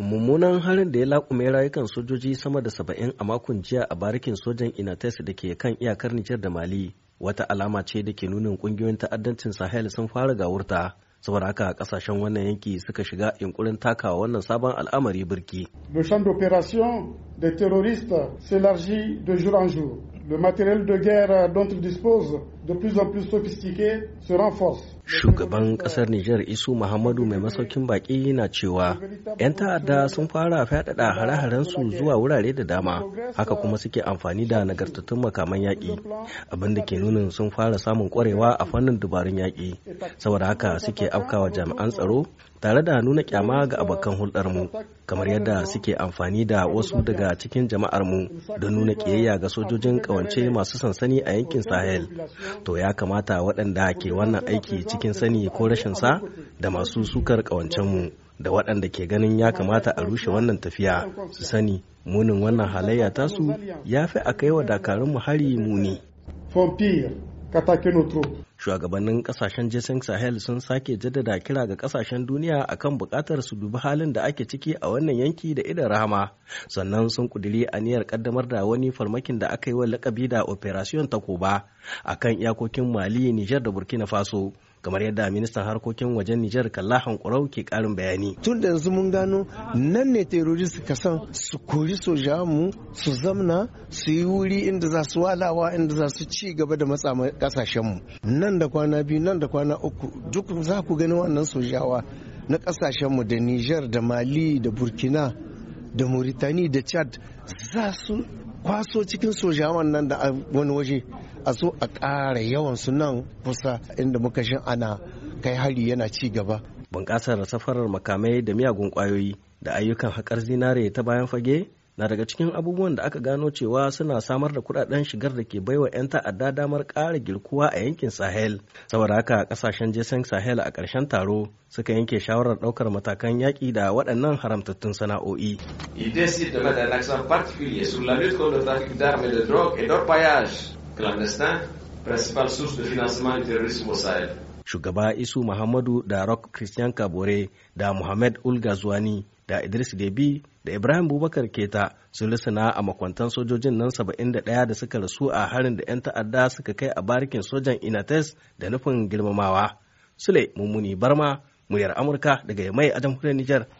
mummunan harin da ya laƙume rayukan sojoji sama da saba'in a makon jiya a barikin sojan inates da ke kan iyakar nijar da mali wata alama ce da ke nunin ƙungiyoyin ta'addancin sahel sun fara gawurta saboda haka ƙasashen wannan yanki suka shiga yunkurin takawa wannan sabon al'amari birki. Le champ d'opération des terroristes s'élargit de jour en jour. Le matériel de guerre dont ils disposent, de plus en plus sophistiqué, se renforce. Shugaban ƙasar Nijar Isu Muhammadu mai masaukin baƙi na cewa 'yan ta'adda sun fara fyaɗaɗa hare-harensu zuwa wurare da dama, haka kuma suke amfani da nagartattun makaman yaƙi, abinda ke nunin sun fara samun ƙwarewa a fannin dubarun yaƙi, saboda haka suke afkawa jami'an tsaro tare da nuna kyama ga abokan hulɗarmu kamar yadda suke amfani da wasu daga cikin jama'armu don nuna ƙiyayya ga sojojin kawance masu sansani a yankin sahel to ya kamata waɗanda ke wannan aiki cikin sani ko rashin sa da masu sukar mu da waɗanda ke ganin ya kamata a rushe wannan tafiya su sani munin wannan halayya tasu ya fi a kai wa dakarunmu hari muni. Shugabannin kasashen Jason Sahel sun sake jaddada kira ga kasashen duniya akan bukatar su dubi halin da ake ciki a wannan yanki da idan rahama. Sannan sun kuduri aniyar kaddamar da wani farmakin da aka yi wa lakabi da Operation Takoba a kan iyakokin Mali, Nijar da Burkina Faso. kamar yadda ministan harkokin wajen Nijar Kallahan Kurau ke karin bayani. Tun da yanzu mun gano nan ne terrorist suka san su kori mu su zamna su yi wuri inda za su walawa inda za su ci gaba da matsa kasashen mu. Nan da kwana biyu nan da kwana uku duk za ku gani wannan sojawa na kasashen mu da Nijar da Mali da Burkina da Mauritani da Chad za su kwaso cikin sojawan nan da wani waje a zo a ƙara yawan su nan kusa inda muka shi ana kai hari yana ci gaba bunƙasar safarar makamai da miyagun ƙwayoyi da ayyukan haƙar zinare ta bayan fage na daga cikin abubuwan da aka gano cewa suna samar da kudaden shigar da ke baiwa 'yan ta'adda damar ƙara girkuwa a yankin sahel saboda haka ƙasashen jason sahel a ƙarshen taro suka yanke shawarar ɗaukar matakan yaƙi da waɗannan haramtattun sana'o'i Il décide de mettre particulier sur la lutte contre le trafic d'armes et de drogue et clandestin, principal source de financement du terrorisme au Sahel. Shugaba Isu Muhammadu da Rock Christian Kabore da Muhammad Ulga Zuwani da Idris Debi da Ibrahim Bubakar Keta sun lissana a makwantan sojojin nan 71 da suka rasu a harin da 'yan ta'adda suka kai a barikin sojan Inates da nufin girmamawa. Sule Mummuni Barma, muryar Amurka daga mai a jamhuriyar Nijar.